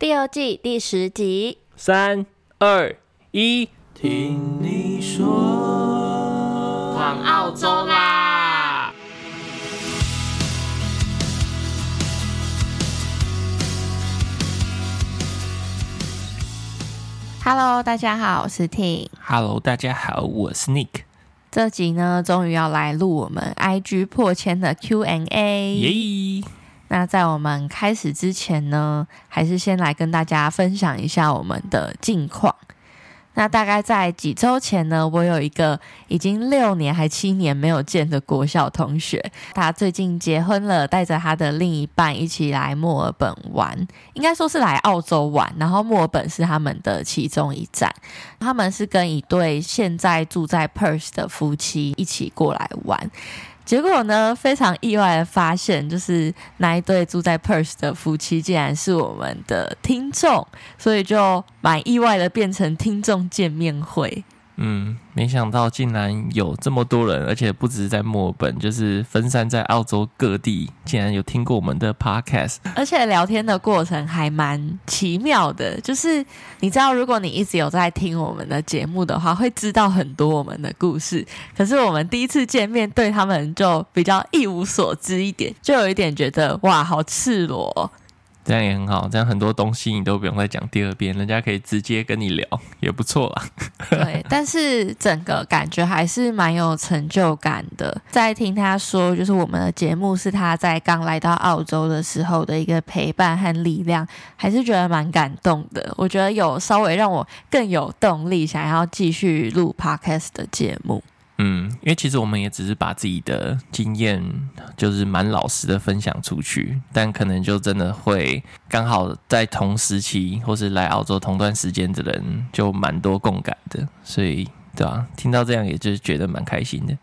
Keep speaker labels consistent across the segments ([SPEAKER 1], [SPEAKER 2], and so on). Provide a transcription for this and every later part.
[SPEAKER 1] 第二季第十集，三
[SPEAKER 2] 二一，聽你說，闖澳洲啦，澳洲啦
[SPEAKER 1] ！Hello，大家好，我是 Ting。
[SPEAKER 2] Hello，大家好，我是 Nick。
[SPEAKER 1] 這集呢，終於要來錄我們 IG 破千的 Q&A。A yeah 那在我們開始之前呢，還是先來跟大家分享一下我們的近況。那大概在幾周前呢，我有一個已經六年還七年沒有見的國小同學，他最近結婚了，帶着他的另一半一起來墨爾本玩。應該說是來澳洲玩，然後墨爾本是他們的其中一站。他們是跟一對現在住在 Perth 的夫妻一起過來玩。結果呢，非常意外的發現，就是那一對住在 Perth 的夫妻，竟然是我們的聽眾，所以就蠻意外的變成聽眾見面會。
[SPEAKER 2] 嗯，沒想到竟然有這麼多人，而且不只是在墨爾本，就是分散在澳洲各地，竟然有聽過我們的 podcast。
[SPEAKER 1] 而且聊天的過程還蠻奇妙的，就是你知道，如果你一直有在聽我們的節目的話，會知道很多我們的故事。可是我們第一次見面，對他們就比較一無所知一點，就有一點覺得，哇，好赤裸。
[SPEAKER 2] 這樣也很好，這樣很多東西你都不用再講第二遍，人家可以直接跟你聊，也不錯啊。 對，
[SPEAKER 1] 但是整個感覺還是蠻有成就感的。在聽他說，就是我們的節目是他在剛來到澳洲的時候的一個陪伴和力量，還是覺得蠻感動的。我覺得有稍微讓我更有動力，想要繼續錄 Podcast 的節目。
[SPEAKER 2] 嗯，因為其實我們也只是把自己的經驗，就是蠻老實的分享出去，但可能就真的會剛好在同時期或是來澳洲同段時間的人，就蠻多共感的，所以對啊，聽到這樣，也就是覺得蠻開心的。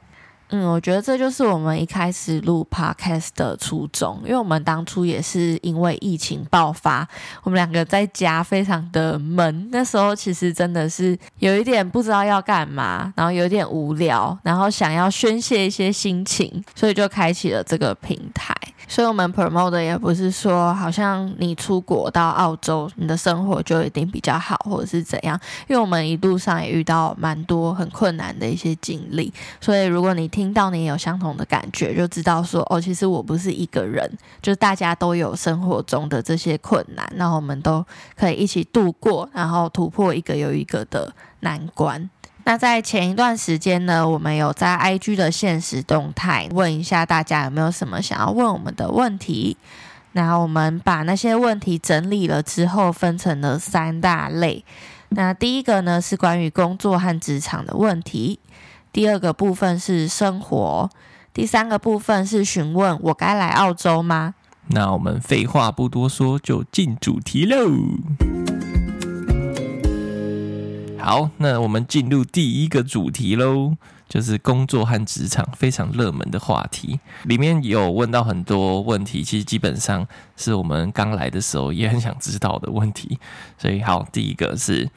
[SPEAKER 1] 嗯，我覺得這就是我們一開始錄 Podcast 的初衷，因為我們當初也是因為疫情爆發，我們兩個在家非常的悶，那時候其實真的是有一點不知道要幹嘛，然後有一點無聊，然後想要宣泄一些心情，所以就開啟了這個平台。所以，我們 promote 的也不是說，好像你出國到澳洲，你的生活就一定比較好，或者是怎樣。因為我們一路上也遇到蠻多很困難的一些經歷。所以，如果你聽到你也有相同的感覺，就知道說，哦，其實我不是一個人，就是大家都有生活中的這些困難，那我們都可以一起度過，然後突破一個又一個的難關。那在前一段時間呢，我們有在 IG 的限時動態問一下大家有沒有什麼想要問我們的問題，那我們把那些問題整理了之後分成了三大類。那第一個呢是關於工作和職場的問題，第二個部分是生活，第三個部分是詢問我該來澳洲嗎？
[SPEAKER 2] 那我們廢話不多說，就進主題嘍。好，那我們進入第一個主題嘍，就是工作和職場非常熱門的話題，裡面有問到很多問題，其實基本上是我們剛來的時候也很想知道的問題。所以，好，第一個是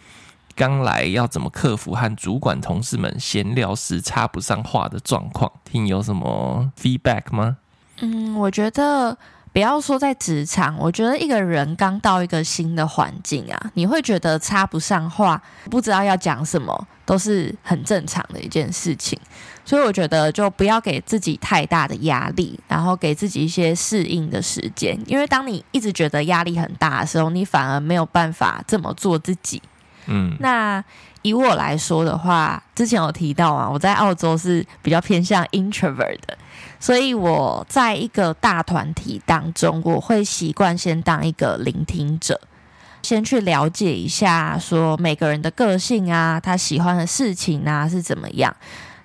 [SPEAKER 2] 剛來要怎麼克服和主管同事們閒聊時插不上話的狀況？Ting 有什麼 feedback 嗎？嗯，
[SPEAKER 1] 我覺得。不要說在職場，我覺得一個人剛到一個新的環境啊，你會覺得插不上話，不知道要講什麼，都是很正常的一件事情。所以我覺得就不要給自己太大的壓力，然後給自己一些適應的時間。因為當你一直覺得壓力很大的時候，你反而沒有辦法這麼做自己。嗯，那以我來說的話，之前有提到啊，我在澳洲是比較偏向 introvert 的。所以我在一個大團體當中，我會習慣先當一個聆聽者，先去了解一下說每個人的個性啊，他喜歡的事情啊，是怎麼樣。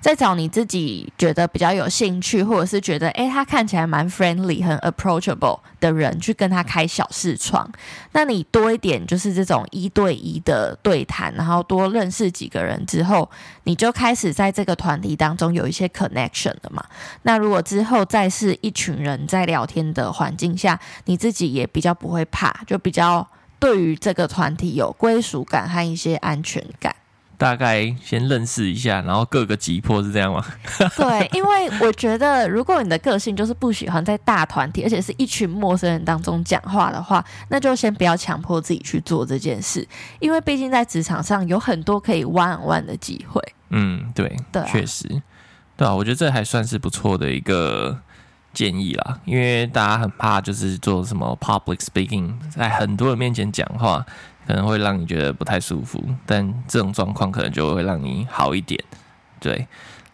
[SPEAKER 1] 再找你自己覺得比較有興趣，或者是覺得誒、欸，他看起來蠻 friendly、很 approachable 的人，去跟他開小視窗。那你多一點就是這種一對一的對談，然後多認識幾個人之後，你就開始在這個團體當中有一些 connection 了嘛。那如果之後再是一群人在聊天的環境下，你自己也比較不會怕，就比較對於這個團體有歸屬感和一些安全感。
[SPEAKER 2] 大概先認識一下，然後各個擊破是這樣嗎？
[SPEAKER 1] 對，因為我覺得，如果你的個性就是不喜歡在大團體， 而且是一群陌生人當中講話的話，那就先不要強迫自己去做這件事，因為畢竟在職場上有很多可以 one on one 的機會。
[SPEAKER 2] 嗯，對，對、啊，確實，對啊。我覺得這還算是不錯的一個建議啦，因為大家很怕就是做什麼 public speaking，在很多人面前講話。可能會讓你覺得不太舒服，但這種狀況可能就會讓你好一點，對。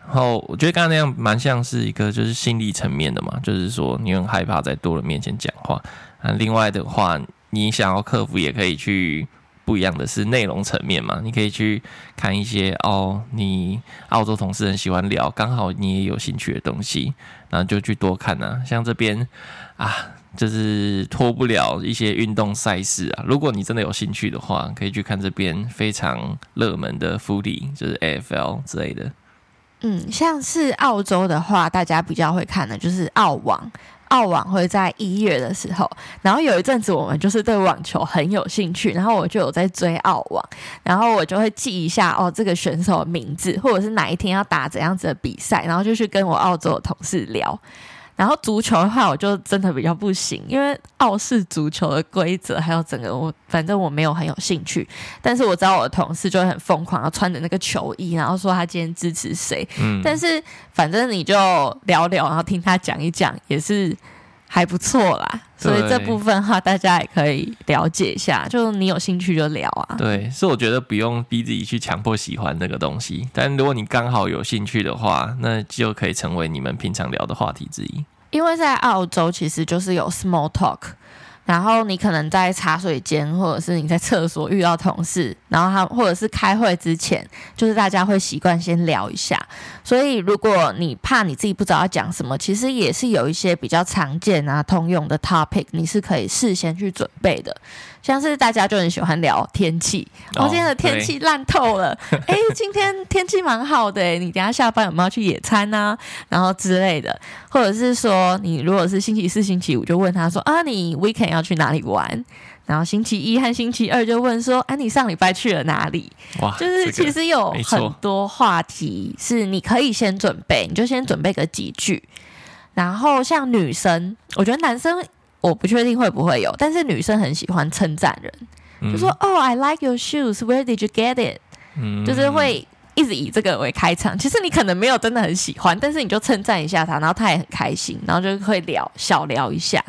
[SPEAKER 2] 然後我覺得剛剛那樣蠻像是一個就是心理層面的嘛，就是說你很害怕在多人面前講話啊。另外的話，你想要克服也可以去不一樣的是內容層面嘛，你可以去看一些哦，你澳洲同事很喜歡聊，剛好你也有興趣的東西，然後就去多看啊，像這邊啊。就是脫不了一些運動賽事啊，如果你真的有興趣的話，可以去看這邊非常熱門的 footy，就是 AFL 之類的。
[SPEAKER 1] 嗯，像是澳洲的話，大家比較會看的就是澳網，澳網會在一月的時候。然後有一陣子我們就是對網球很有興趣，然後我就有在追澳網，然後我就會記一下哦，這個選手的名字，或者是哪一天要打怎樣子的比賽，然後就去跟我澳洲的同事聊。然後足球的話，我就真的比較不行，因為澳式足球的規則還有整個我，反正我沒有很有興趣。但是我知道我的同事就會很瘋狂，要穿着那個球衣，然後說他今天支持誰。嗯、但是反正你就聊聊，然後聽他講一講，也是。還不錯啦，所以這部分的話大家也可以了解一下。對就你有興趣就聊啊。
[SPEAKER 2] 對，所以我覺得不用逼自己去強迫喜歡這個東西。但如果你剛好有興趣的話，那就可以成為你們平常聊的話題之一。
[SPEAKER 1] 因為在澳洲，其實就是有 small talk。然後你可能在茶水間，或者是你在廁所遇到同事，然後他或者是開會之前，就是大家會習慣先聊一下。所以如果你怕你自己不知道要講什麼，其實也是有一些比較常見啊、通用的 topic，你是可以事先去準備的。像是大家就很喜歡聊天氣，我、oh, 哦、今天的天氣爛透了，哎對、欸，今天天氣蠻好的， 你等下下班有沒有去野餐呐、啊？然後之類的，或者是說你如果是星期四、星期五就問他說啊，你 weekend 要去哪裡玩？然後星期一和星期二就問說啊，你上禮拜去了哪裡？哇就是其實有很多話題是你可以先準備，嗯、你就先準備個幾句，然後像女生，我覺得男生。我不確定會不會有，但是女生很喜歡稱讚人，嗯、就說哦、oh，I like your shoes，Where did you get it？嗯，就是會一直以這個為開場。其實你可能沒有真的很喜歡，但是你就稱讚一下他，然後他也很開心，然後就會聊小聊一下。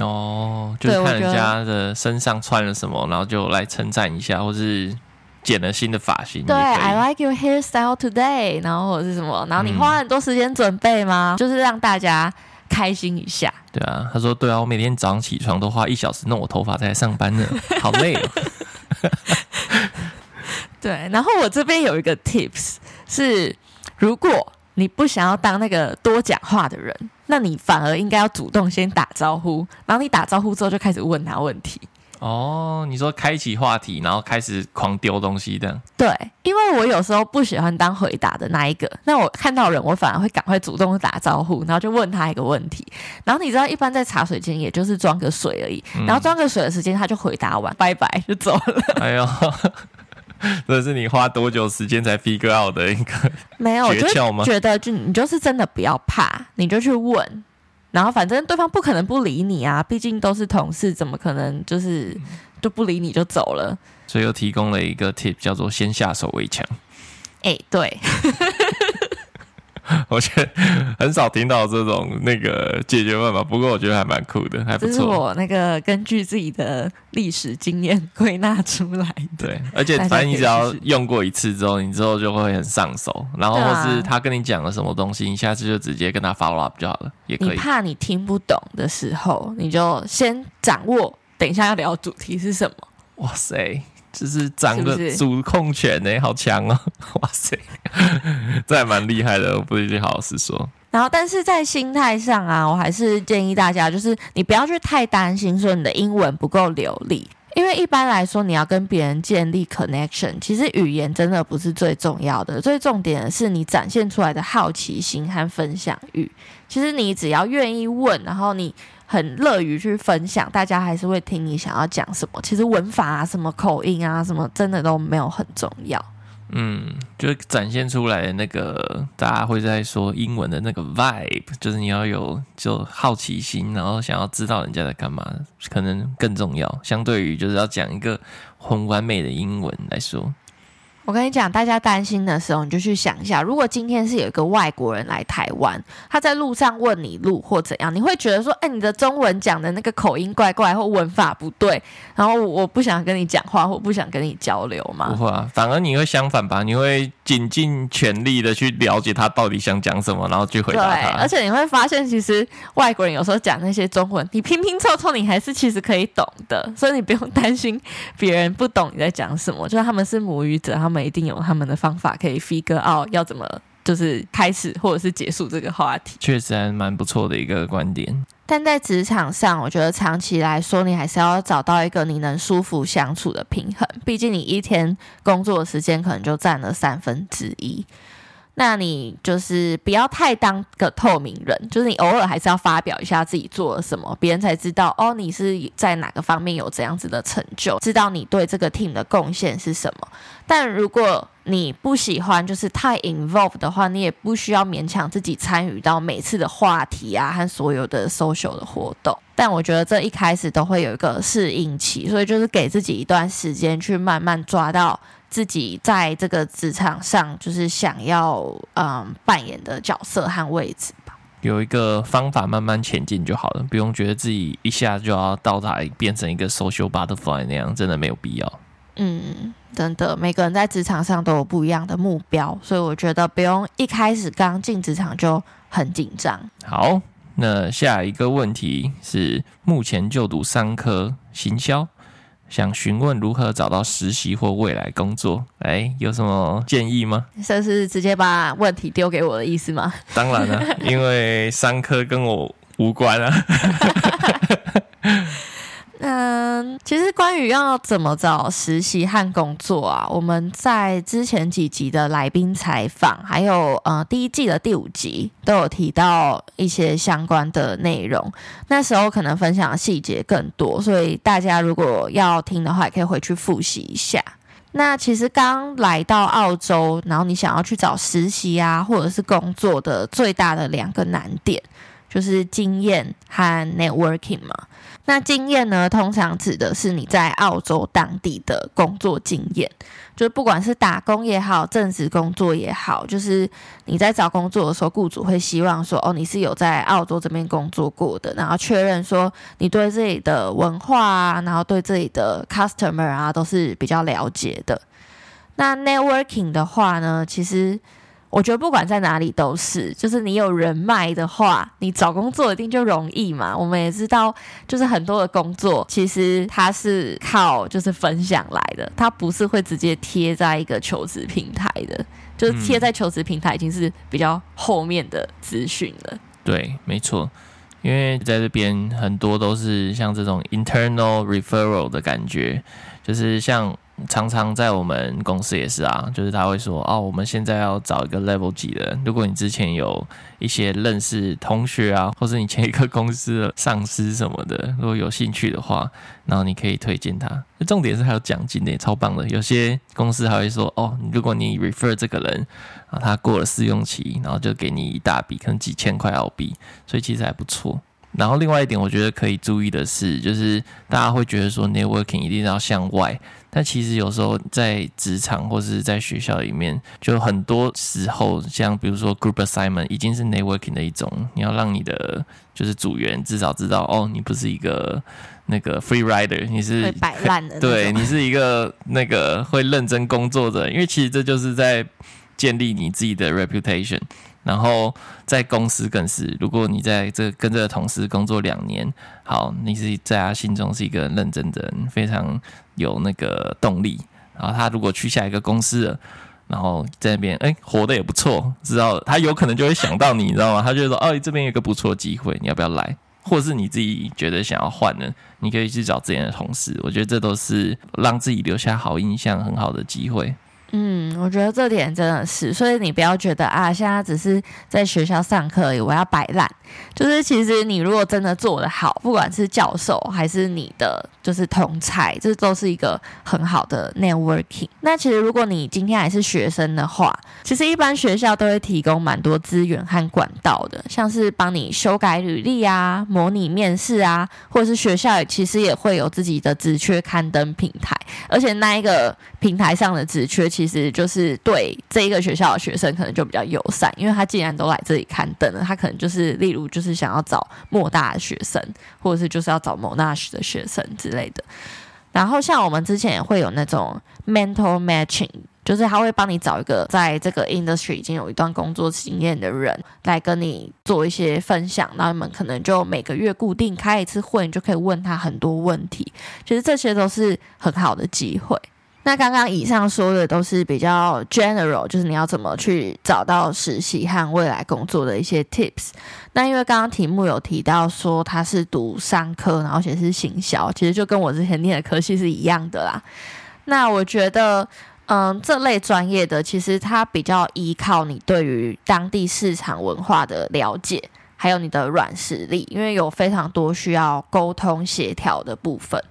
[SPEAKER 2] 哦，就是、看人家的身上穿了什麼，對然後就來稱讚一下，或是剪了新的髮型。對，I
[SPEAKER 1] like your hairstyle today，然後或者是什麼，然後你花很多時間準備嗎？嗯、就是讓大家。開心一下。
[SPEAKER 2] 對啊，他說，對啊，我每天早上起床都花一小時弄我頭髮才來上班呢，好累哦。
[SPEAKER 1] 對，然後我這邊有一個 tips 是，如果你不想要當那個多講話的人，那你反而應該要主動先打招呼，然後你打招呼之後就開始問他問題。
[SPEAKER 2] 哦，你說開啟話題，然後開始狂丟東西的？
[SPEAKER 1] 對，因為我有時候不喜歡當回答的那一個，那我看到人，我反而會趕快主動打招呼，然後就問他一個問題。然後你知道，一般在茶水間，也就是裝個水而已。嗯、然後裝個水的時間，他就回答完，嗯、拜拜
[SPEAKER 2] 就走了。哎呦呵呵，這是你花多久時間才 figure out 的一個
[SPEAKER 1] 沒有訣竅嗎？覺得就你就是真的不要怕，你就去問。然後反正對方不可能不理你啊，畢竟都是同事，怎麼可能就是就不理你就
[SPEAKER 2] 走了？所以又提供了一個 tip，叫做先下手為強。
[SPEAKER 1] 哎、欸，對。
[SPEAKER 2] 我覺得很少聽到這種那個解決辦法，不過我覺得還蠻酷的，還不錯。這是我
[SPEAKER 1] 那個根據自己的歷史經驗歸納出來
[SPEAKER 2] 的。對，而且反正你只要用過一次之後，你之後就會很上手。然後或是他跟你講了什麼東西，啊、你下次就直接跟他 follow up 就好了。也可以。你怕
[SPEAKER 1] 你聽不懂的時候，你就先掌握。等一下要聊主題是什麼？哇
[SPEAKER 2] 塞！就是掌個主控權呢、欸，好強哦！哇塞，這還蠻厲害的，我不一定好好說。
[SPEAKER 1] 然後，但是在心態上啊，我還是建議大家，就是你不要去太擔心說你的英文不夠流利，因為一般來說，你要跟別人建立 connection，其實語言真的不是最重要的，最重點的是你展現出來的好奇心和分享欲。其實你只要願意問，然後你。很樂於去分享，大家還是會聽你想要講什麼。其實文法啊、什麼口音啊、什麼真的都沒有很重要。
[SPEAKER 2] 嗯，就展現出來的那個，大家會在說英文的那個 vibe，就是你要有就好奇心，然後想要知道人家在幹嘛，可能更重要。相對於就是要講一個很完美的英文來說。
[SPEAKER 1] 我跟你講，大家擔心的時候，你就去想一下，如果今天是有一個外國人來台灣，他在路上問你路或怎樣，你會覺得說，哎、欸，你的中文講的那個口音怪怪，或文法不對，然後我，我不想跟你講話，或不想跟你交流嗎？不
[SPEAKER 2] 會啊，反而你會相反吧？你會盡盡全力的去了解他到底想講什麼，然後去回答他。對，而
[SPEAKER 1] 且你會發現，其實外國人有時候講那些中文，你拼拼湊湊，你還是其實可以懂的，所以你不用擔心別人不懂你在講什麼，就是他們是母語者，他們。一定有他們的方法可以 figure out 要怎麼就是開始或者是結束這個話題，
[SPEAKER 2] 確實還蠻不錯的一個觀點。
[SPEAKER 1] 但在職場上，我覺得長期來說，你還是要找到一個你能舒服相處的平衡。畢竟你一天工作的時間可能就佔了三分之一。那你就是不要太當個透明人，就是你偶爾還是要發表一下自己做了什麼，別人才知道哦，你是在哪個方面有這樣子的成就，知道你對這個 team 的貢獻是什麼。但如果你不喜歡就是太 involved 的話，你也不需要勉強自己參與到每次的話題啊和所有的 social 的活動。但我覺得這一開始都會有一個適應期，所以就是給自己一段時間去慢慢抓到自己在這個職場上，就是想要嗯扮演的角色和位置吧。
[SPEAKER 2] 有一個方法慢慢前進就好了，不用覺得自己一下就要到達變成一個 social butterfly 那樣，真的沒有必要。
[SPEAKER 1] 嗯，真的，每個人在職場上都有不一樣的目標，所以我覺得不用一開始剛進職場就很緊張。
[SPEAKER 2] 好，那下一個問題是，目前就讀商科行銷。想詢問如何找到實習或未來工作，哎，有什麼建議嗎？
[SPEAKER 1] 這是直接把問題丟給我的意思嗎？
[SPEAKER 2] 當然了，啊，因為商科跟我無關啊。
[SPEAKER 1] 嗯，其實關於要怎麼找實習和工作啊，我們在之前幾集的來賓採訪，還有呃第一季的第五集都有提到一些相關的內容。那時候可能分享的細節更多，所以大家如果要聽的話，也可以回去複習一下。那其實剛來到澳洲，然後你想要去找實習啊，或者是工作的最大的兩個難點就是經驗和 networking 嘛。那經驗呢，通常指的是你在澳洲當地的工作經驗，就是不管是打工也好，正職工作也好，就是你在找工作的時候，僱主會希望說，哦，你是有在澳洲這邊工作過的，然後確認說你對這裡的文化啊，然後對這裡的 customer 啊，都是比較了解的。那 networking 的話呢，其實。我覺得不管在哪裡都是，就是你有人脈的話，你找工作一定就容易嘛。我們也知道，就是很多的工作其實它是靠就是分享來的，它不是會直接貼在一個求職平台的，就是貼在求職平台已經是比較後面的資訊了。
[SPEAKER 2] 嗯，對，沒錯，因為在這邊很多都是像這種 internal referral 的感覺，就是像。常常在我們公司也是啊，就是他會說哦，我們現在要找一個 level 幾的，如果你之前有一些認識同學啊，或者你前一個公司的上司什麼的，如果有興趣的話，然後你可以推薦他。那重點是還有獎金的，超棒的。有些公司還會說哦，如果你 refer 這個人，啊，他過了試用期，然後就給你一大筆，可能幾千塊澳幣，所以其實還不錯。然後另外一點，我覺得可以注意的是，就是大家會覺得說 networking 一定要向外，但其實有時候在職場或是在學校裡面，就很多時候像比如說 group assignment 已經是 networking 的一種。你要讓你的，就是組員至少知道，哦，你不是一個那個 free rider，你是會擺爛的，對你是一個那個會認真工作的，因為其實這就是在建立你自己的 reputation。然後在公司更是，如果你在這跟這個同事工作兩年，好，你是在他心中是一個認真的人，非常有那個動力。然後他如果去下一個公司了，然後在那邊，哎，活得也不錯，知道他有可能就會想到你，你知道嗎？他就說：“哦，這邊有一個不錯的機會，你要不要來？”或是你自己覺得想要換了，你可以去找之前的同事。我覺得這都是讓自己留下好印象很好的機會。
[SPEAKER 1] 嗯，我覺得這點真的是，所以你不要覺得啊，現在只是在學校上課而已，我要擺爛。就是其實你如果真的做得好，不管是教授還是你的就是同儕，這都是一個很好的 networking。那其實如果你今天還是學生的話，其實一般學校都會提供蠻多資源和管道的，像是幫你修改履歷啊、模擬面試啊，或者是學校其實也會有自己的職缺刊登平台，而且那一個。平台上的職缺其實就是對這一個學校的學生可能就比較友善，因為他既然都來這裡刊登了，他可能就是例如就是想要找莫大的學生，或者是就是要找 Monash 的學生之類的。然後像我們之前也會有那種 mental matching，就是他會幫你找一個在這個 industry 已經有一段工作經驗的人來跟你做一些分享。那你們可能就每個月固定開一次會，你就可以問他很多問題。其實這些都是很好的機會。那剛剛以上說的都是比較 general，就是你要怎麼去找到實習和未來工作的一些 tips。那因為剛剛題目有提到說他是讀商科，然後且是行銷，其實就跟我之前念的科系是一樣的啦。那我覺得，嗯，這類專業的其實它比較依靠你對於當地市場文化的了解，還有你的軟實力，因為有非常多需要溝通協調的部分。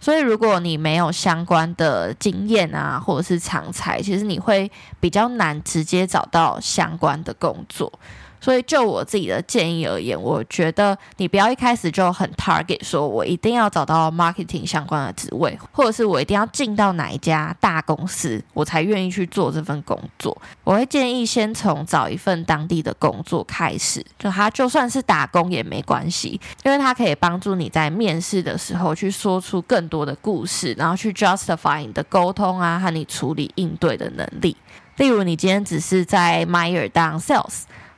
[SPEAKER 1] 所以，如果你沒有相關的經驗啊，或者是長才，其實你會比較難直接找到相關的工作。所以，就我自己的建議而言，我覺得你不要一開始就很 target，說我一定要找到 marketing 相關的職位，或者是我一定要進到哪一家大公司，我才願意去做這份工作。我會建議先從找一份當地的工作開始，就他就算是打工也沒關係，因為它可以幫助你在面試的時候去說出更多的故事，然後去 justify 你的溝通啊，和你處理應對的能力。例如，你今天只是在 Myer 當 sales。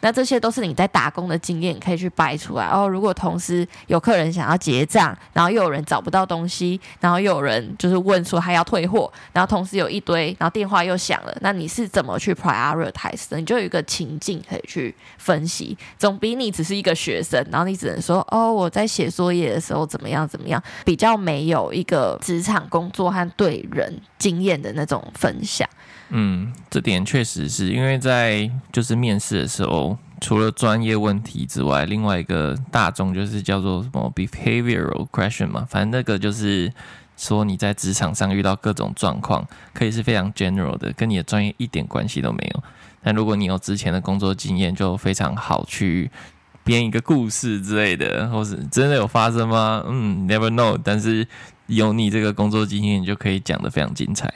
[SPEAKER 1] 那這些都是你在打工的經驗，可以去掰出來哦。如果同時有客人想要結賬，然後又有人找不到東西，然後又有人就是問說他要退貨，然後同時有一堆，然後電話又響了，那你是怎麼去 prioritize 的？你就有一個情境可以去分析，總比你只是一個學生，然後你只能說哦，我在寫作業的時候怎麼樣怎麼樣，比較沒有一個職場工作和對人經驗的那種分享。
[SPEAKER 2] 嗯，這點確實是，因為在就是面試的時候，除了專業問題之外，另外一個大眾就是叫做什麼 behavioral question 嘛，反正那個就是說你在職場上遇到各種狀況，可以是非常 general 的，跟你的專業一點關係都沒有。但如果你有之前的工作經驗，就非常好去編一個故事之類的，或是真的有發生嗎？嗯，never know，但是有你這個工作經驗，你就可以講得非常精彩。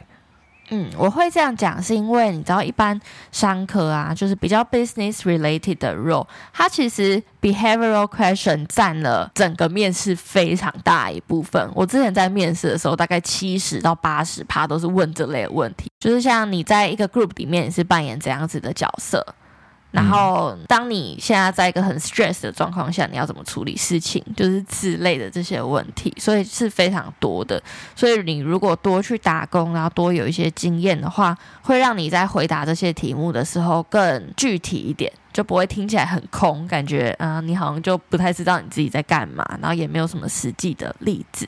[SPEAKER 1] 嗯，我會這樣講，是因為你知道，一般商科啊，就是比較 business related 的 role，它其實 behavioral question 佔了整個面試非常大一部分。我之前在面試的時候，大概七十到八十趴都是問這類問題，就是像你在一個 group 裡面，你是扮演怎樣子的角色。然後，當你現在在一個很 stress 的狀況下，你要怎麼處理事情，就是之類的這些問題，所以是非常多的。所以你如果多去打工，然後多有一些經驗的話，會讓你在回答這些題目的時候更具體一點，就不會聽起來很空，感覺嗯、呃，你好像就不太知道你自己在幹嘛，然後也沒有什麼實際的例子。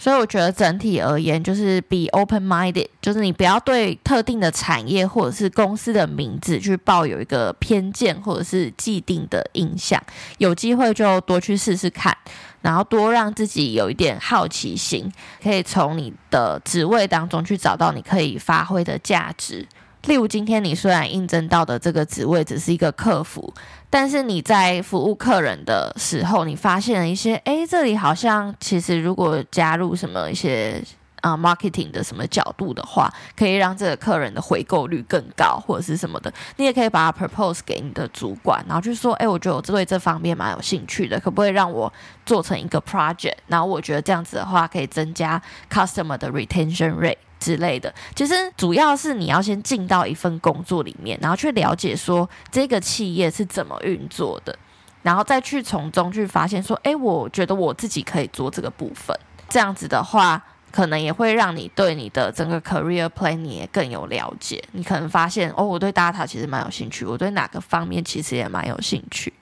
[SPEAKER 1] 所以我覺得整體而言，就是 be open minded，就是你不要對特定的產業或者是公司的名字去抱有一個偏見或者是既定的印象。有機會就多去試試看，然後多讓自己有一點好奇心，可以從你的職位當中去找到你可以發揮的價值。例如今天你雖然應徵到的這個職位只是一個客服。但是你在服務客人的時候，你發現了一些，哎、欸，這裡好像其實如果加入什麼一些啊，marketing 的什麼角度的話，可以讓這個客人的回購率更高或者是什麼的，你也可以把它 propose 給你的主管，然後就說，哎、欸，我覺得我對這方面蠻有興趣的，可不可以讓我做成一個 project？然後我覺得這樣子的話，可以增加 customer 的 retention rate。之類的，其實主要是你要先進到一份工作裡面，然後去了解說這個企業是怎麼運作的，然後再去從中去發現說，誒、欸，我覺得我自己可以做這個部分。這樣子的話，可能也會讓你對你的整個 career plan 你也更有了解。你可能發現，哦，我對 data 其實蠻有興趣，我對哪個方面其實也蠻有興趣。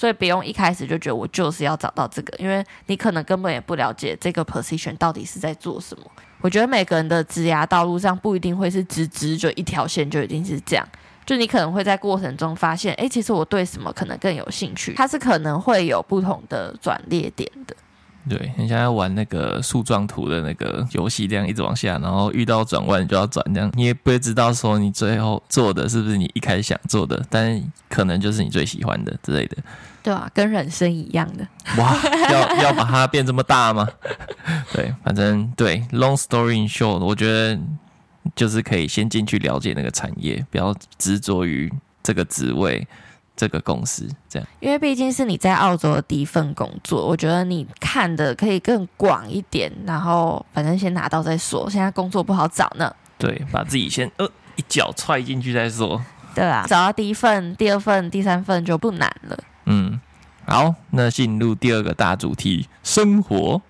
[SPEAKER 1] 所以不用一開始就覺得我就是要找到這個，因為你可能根本也不了解這個 position 到底是在做什麼。我覺得每個人的職涯道路上不一定會是直直就一條線，就一定是這樣。就你可能會在過程中發現，哎、欸，其實我對什麼可能更有興趣。它是可能會有不同的轉捩點的。
[SPEAKER 2] 對，你像要玩那個樹狀圖的那個遊戲，這樣一直往下，然後遇到轉彎你就要轉，這樣你也不會知道說你最後做的是不是你一開始想做的，但可能就是你最喜歡的之類的。
[SPEAKER 1] 對啊，跟人生一樣的。
[SPEAKER 2] 哇，要要把它變這麼大嗎？ 對，反正對，long story in short，我覺得就是可以先進去了解那個產業，不要執着於這個職位、這個公司這樣。
[SPEAKER 1] 因為畢竟是你在澳洲的第一份工作，我覺得你看的可以更廣一點。然後，反正先拿到再說，現在工作不好找呢。
[SPEAKER 2] 對，把自己先呃一腳踹進去再說。對啊，找
[SPEAKER 1] 到第一份、第二份、第三份就不難了。
[SPEAKER 2] 好，那進入第二個大主題——生活。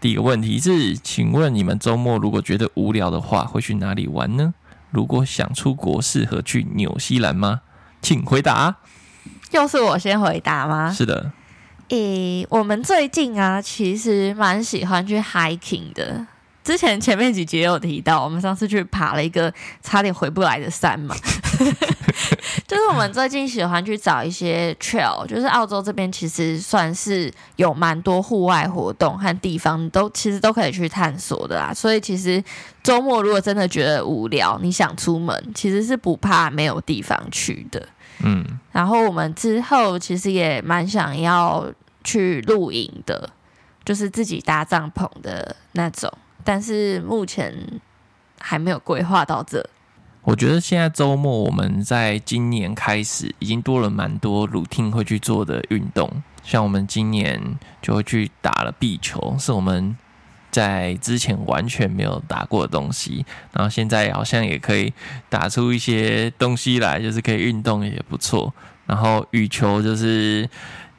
[SPEAKER 2] 第一個問題是，請問你們周末如果覺得無聊的話，會去哪裡玩呢？如果想出國，適合去紐西蘭嗎？請回答。
[SPEAKER 1] 又是我先回答嗎？是的。誒、欸，我們最近啊，其實蠻喜歡去 hiking 的。之前前面幾集也有提到，我們上次去爬了一個差點回不來的山嘛。 就是我們最近喜歡去找一些 trail，就是澳洲這邊其實算是有蠻多戶外活動和地方都其實都可以去探索的啦。所以其實週末如果真的覺得無聊，你想出門，其實是不怕沒有地方去的。嗯，然後我們之後其實也蠻想要去露營的，就是自己搭帳篷的那種，但是目前還沒有規劃到這。
[SPEAKER 2] 我覺得現在周末我們在今年開始已經多了蠻多 routine 會去做的運動，像我們今年就會去打了壁球，是我們在之前完全沒有打過的東西，然後現在好像也可以打出一些東西來，就是可以運動也不錯。然後羽球就是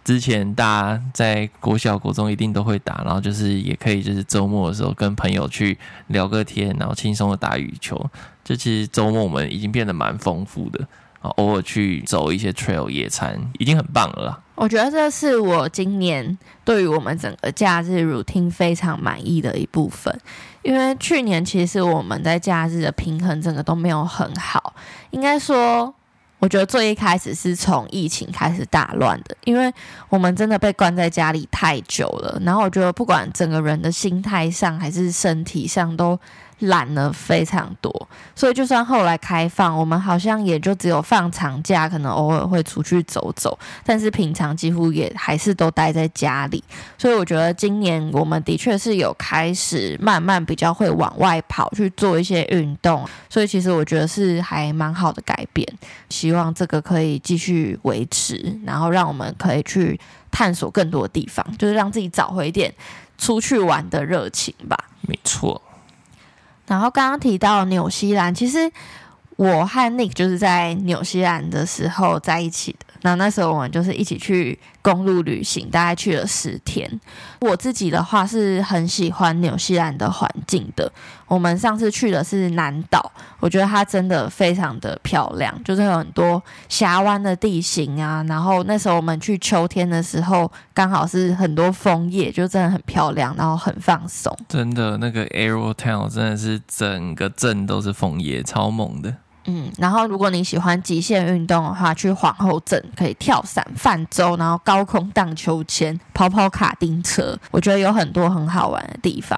[SPEAKER 2] 之前大家在國小國中一定都會打，然後就是也可以就是周末的時候跟朋友去聊個天，然後輕鬆的打羽球。就其實周末我們已經變得蠻豐富的啊，偶爾去走一些 trail 野餐，已經很棒了。
[SPEAKER 1] 我覺得這是我今年對於我們整個假日 routine 非常滿意的一部分，因為去年其實我們在假日的平衡整個都沒有很好。應該說，我覺得最一開始是從疫情開始大亂的，因為我們真的被關在家裡太久了。然後我覺得，不管整個人的心態上還是身體上都懶了非常多，所以就算後來開放，我們好像也就只有放長假，可能偶爾會出去走走，但是平常幾乎也還是都待在家裡。所以我覺得今年我們的確是有開始慢慢比較會往外跑去做一些運動，所以其實我覺得是還蠻好的改變。希望這個可以繼續維持，然後讓我們可以去探索更多的地方，就是讓自己找回一點出去玩的熱情吧。
[SPEAKER 2] 沒錯。
[SPEAKER 1] 然後剛剛提到紐西蘭，其實我和 Nick 就是在紐西蘭的時候在一起的。那那時候我們就是一起去公路旅行，大概去了十天。我自己的話是很喜歡紐西蘭的環境的。我們上次去的是南島，我覺得它真的非常的漂亮，就是有很多峽灣的地形啊。然後那時候我們去秋天的時候，剛好是很多楓葉，就真的很漂亮，然後很放鬆。
[SPEAKER 2] 真的，那個 Arrowtown 真的是整個鎮都是楓葉，超猛的。
[SPEAKER 1] 嗯，然後如果你喜歡極限運動的話，去皇後鎮可以跳傘、泛舟，然後高空盪秋千、跑跑卡丁車，我覺得有很多很好玩的地方。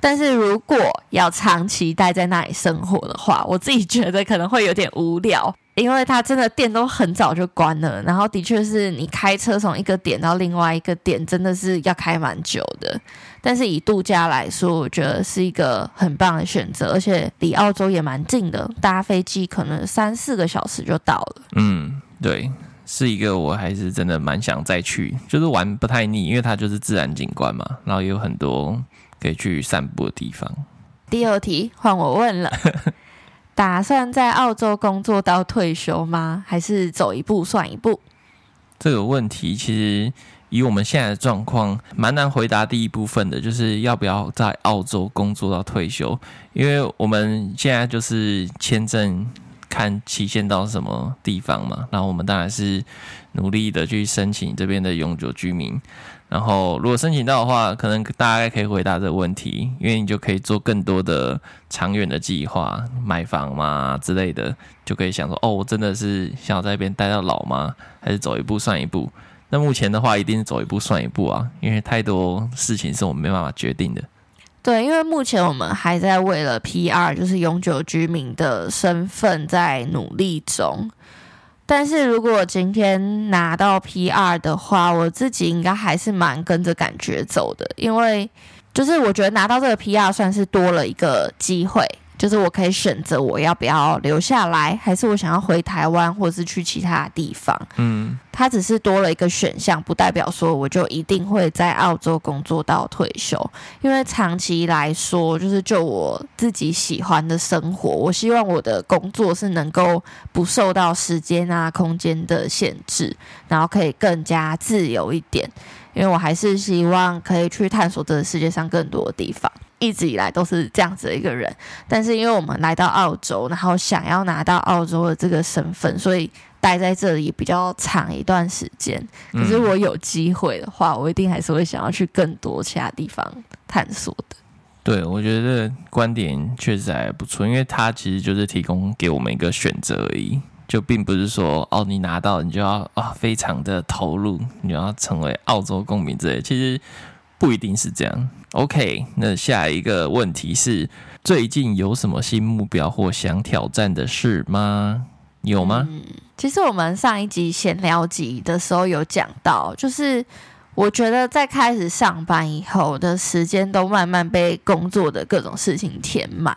[SPEAKER 1] 但是如果要長期待在那裡生活的話，我自己覺得可能會有點無聊。因為它真的店都很早就關了，然後的確是你開車從一個點到另外一個點，真的是要開蠻久的。但是以度假來說，我覺得是一個很棒的選擇，而且離澳洲也蠻近的，搭飛機可能三四個小時就到
[SPEAKER 2] 了。嗯，對，是一個我還是真的蠻想再去，就是玩不太膩，因為它就是自然景觀嘛，然後也有很多可以去散步的地方。
[SPEAKER 1] 第二題換我問了。 打算在澳洲工作到退休嗎？還是走一步算一步？
[SPEAKER 2] 這個問題其實以我們現在的狀況，蠻難回答。第一部分的就是要不要在澳洲工作到退休，因為我們現在就是簽證。看期限到什麼地方嘛，然後我們當然是努力的去申請這邊的永久居民，然後如果申請到的話，可能大概可以回答這個問題，因為你就可以做更多的長遠的計劃，買房嘛之類的，就可以想說，哦，我真的是想要在那邊待到老嗎？還是走一步算一步？那目前的話，一定是走一步算一步啊，因為太多事情是我們沒辦法決定的。
[SPEAKER 1] 對，因為目前我們還在為了 PR，就是永久居民的身份在努力中。但是如果今天拿到 PR 的話，我自己應該還是蠻跟着感覺走的，因為就是我覺得拿到這個 PR 算是多了一個機會。就是我可以選擇我要不要留下來，還是我想要回台灣，或是去其他地方。嗯，它只是多了一個選項，不代表說我就一定會在澳洲工作到退休。因為長期來說，就是就我自己喜歡的生活，我希望我的工作是能夠不受到時間啊、空間的限制，然後可以更加自由一點。因為我還是希望可以去探索這個世界上更多的地方。一直以來都是這樣子的一個人，但是因為我們來到澳洲，然後想要拿到澳洲的這個身份，所以待在這裡比較長一段時間。可是我有機會的話，嗯、我一定還是會想要去更多其他地方探索的。
[SPEAKER 2] 對，我覺得觀點確實還不錯，因為它其實就是提供給我們一個選擇而已，就並不是說哦，你拿到你就要啊、哦，非常的投入，你要成為澳洲公民之類。其實。不一定是這樣。OK，那下一個問題是：最近有什麼新目標或想挑戰的事嗎？有嗎？嗯，
[SPEAKER 1] 其實我們上一集閒聊集的時候有講到，就是我覺得在開始上班以後的時間都慢慢被工作的各種事情填滿，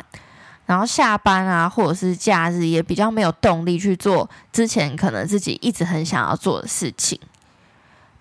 [SPEAKER 1] 然後下班啊或者是假日也比較沒有動力去做之前可能自己一直很想要做的事情。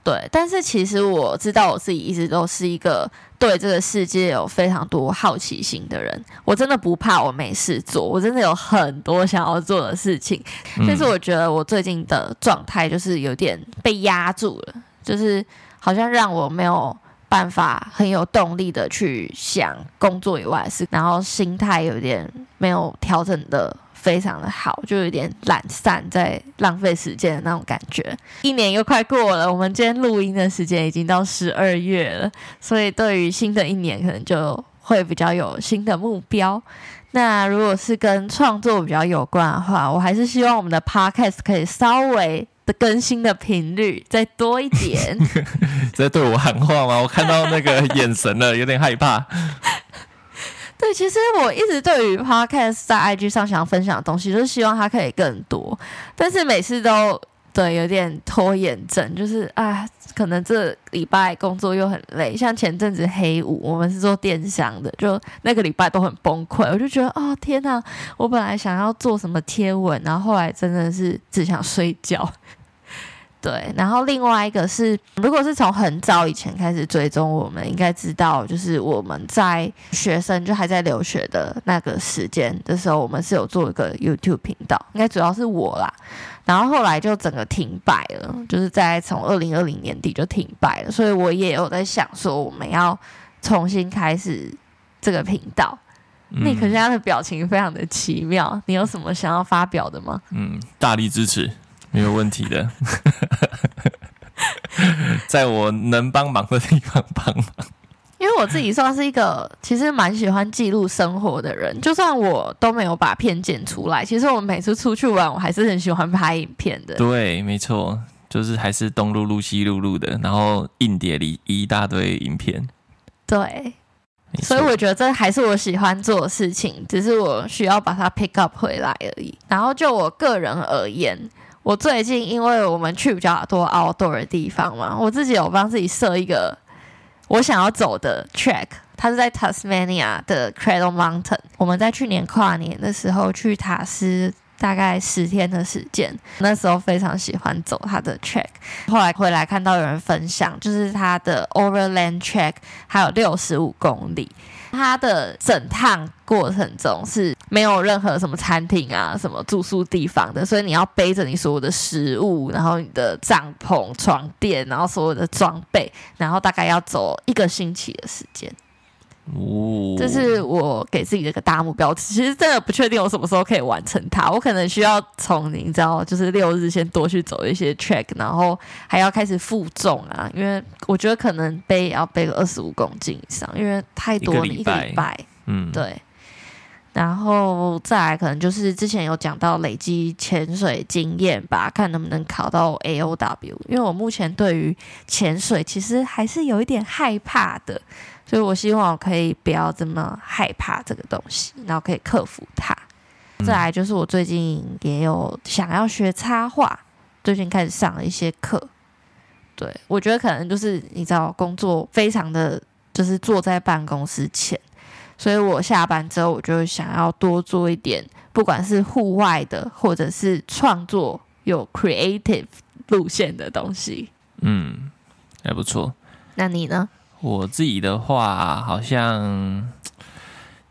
[SPEAKER 1] 對，但是其實我知道我自己一直都是一個對這個世界有非常多好奇心的人。我真的不怕我沒事做，我真的有很多想要做的事情。但是、嗯、我覺得我最近的狀態就是有點被壓住了，就是好像讓我沒有辦法很有動力的去想工作以外事，然後心態有點沒有調整的。非常的好，就有點懶散，在浪費時間的那種感覺。一年又快過了，我們今天錄音的時間已經到十二月了，所以對於新的一年，可能就會比較有新的目標。那如果是跟創作比較有關的話，我還是希望我們的 podcast 可以稍微的更新的頻率再多一點。
[SPEAKER 2] 在 對我喊話嗎？ 我看到那個眼神了，有點害怕。
[SPEAKER 1] 對，其實我一直對於 Podcast 在 IG 上想要分享的東西，就是希望它可以更多，但是每次都對有點拖延症，就是啊，可能這禮拜工作又很累，像前陣子黑五，我們是做電商的，就那個禮拜都很崩潰，我就覺得哦，天吶，啊，我本來想要做什麼貼文，然後後來真的是只想睡覺。對，然後另外一個是，如果是從很早以前開始追蹤，我們應該知道，就是我們在學生就還在留學的那個時間的時候，我們是有做一個 YouTube 頻道，應該主要是我啦。然後後來就整個停擺了，就是在從二零二零年底就停擺了，所以我也有在想說我們要重新開始這個頻道。嗯、那你可是他的表情非常的奇妙，你有什麼想要發表的嗎？
[SPEAKER 2] 嗯，大力支持。沒有問題的， 在我能幫忙的地方幫
[SPEAKER 1] 忙。因為我自己算是一個其實蠻喜歡記錄生活的人，就算我都沒有把片剪出來，其實我每次出去玩，我還是很喜歡拍影片的。
[SPEAKER 2] 對，沒錯，就是還是東露露西露露的，然後硬碟裡一大堆影片。
[SPEAKER 1] 對，沒錯，所以我覺得這還是我喜歡做的事情，只是我需要把它 pick up 回來而已。然後就我個人而言。我最近因為我們去比較多 outdoor 的地方嘛，我自己有幫自己設一個我想要走的 track，它是在 Tasmania 的 Cradle Mountain。我們在去年跨年的時候去塔斯大概十天的時間，那時候非常喜歡走它的 track。後來回來看到有人分享，就是它的 Overland Track，還有六十五公里。他的整趟過程中是沒有任何什麼餐廳啊、什麼住宿地方的，所以你要背着你所有的食物，然後你的帳篷、床墊，然後所有的裝備，然後大概要走一個星期的時間。這是我給自己的一個大目標，其實真的不確定我什麼時候可以完成它。我可能需要從你知道，就是六日先多去走一些 track，然後還要開始負重啊，因為我覺得可能背也要背個二十五公斤以上，因為太多一你一個禮拜，嗯，對。然後再來，可能就是之前有講到累積潛水經驗吧，看能不能考到 AOW。因為我目前對於潛水其實還是有一點害怕的，所以我希望我可以不要這麼害怕這個東西，然後可以克服它。嗯、再來就是我最近也有想要學插畫，最近開始上了一些課。對，我覺得可能就是你知道，工作非常的就是坐在辦公室前。所以我下班之後，我就想要多做一點，不管是戶外的，或者是創作有 creative 路線的東西。嗯，
[SPEAKER 2] 還不錯。
[SPEAKER 1] 那你呢？
[SPEAKER 2] 我自己的話，好像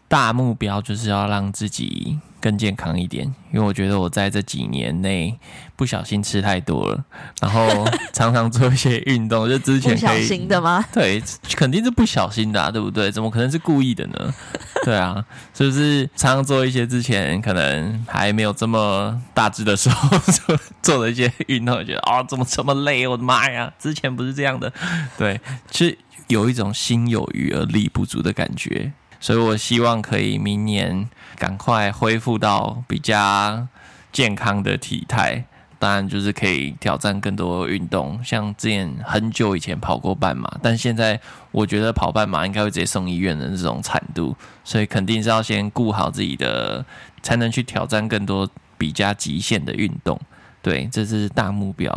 [SPEAKER 2] 大目標就是要讓自己更健康一點，因為我覺得我在這幾年內。不小心吃太多了，然後常常做一些運動。 就之前可以不小心的嗎？對，肯定是不小心的啊，對不對？怎麼可能是故意的呢？ 對啊，是不是常常做一些之前可能還沒有這麼大隻的時候做 做的一些運動，覺得啊、哦，怎麼這麼累？我的媽呀！之前不是這樣的。對，是有一種心有餘而力不足的感覺，所以我希望可以明年趕快恢復到比較健康的體態。當然，就是可以挑戰更多運動，像之前很久以前跑過半馬，但現在我覺得跑半馬應該會直接送醫院的這種慘度，所以肯定是要先顧好自己的，才能去挑戰更多比較極限的運動。對，這是大目標，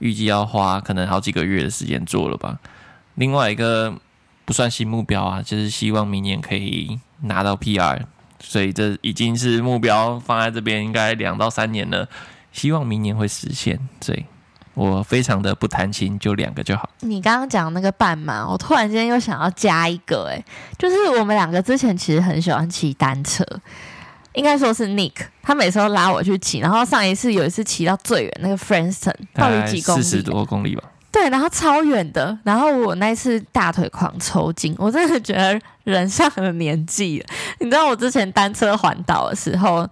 [SPEAKER 2] 預計要花可能好幾個月的時間做了吧。另外一個不算新目標啊，就是希望明年可以拿到 PR，所以這已經是目標放在這邊，應該兩到三年了。希望明年會實現，所以我非常的不貪心，就兩個就好。
[SPEAKER 1] 你剛剛講那個半馬，我突然間又想要加一個、欸，哎，就是我們兩個之前其實很喜歡騎單車，應該說是 Nick，他每次都拉我去騎，然後上一次有一次騎到最遠那個 Frankston，到底幾公里？四十多公里吧。對，然後超遠的，然後我那一次大腿狂抽筋，我真的覺得人上了年紀了。你知道我之前單車環島的時候。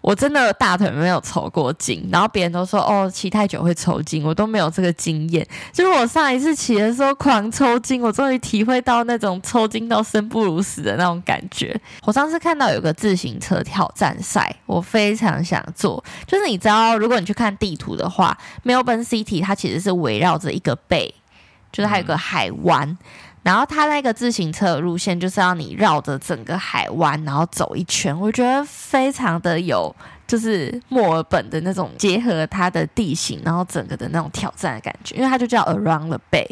[SPEAKER 1] 我真的大腿沒有抽過筋，然後別人都說哦，騎太久會抽筋，我都沒有這個經驗。就是我上一次騎的時候狂抽筋，我終於體會到那種抽筋到生不如死的那種感覺。我上次看到有個自行車挑戰賽，我非常想做。就是你知道，如果你去看地圖的話，Melbourne City 它其實是圍繞着一個背，就是它有個海灣。嗯然後它那個自行車的路線就是讓你繞着整個海灣，然後走一圈。我覺得非常的有，就是墨爾本的那種結合它的地形，然後整個的那種挑戰的感覺。因為它就叫 Around the Bay，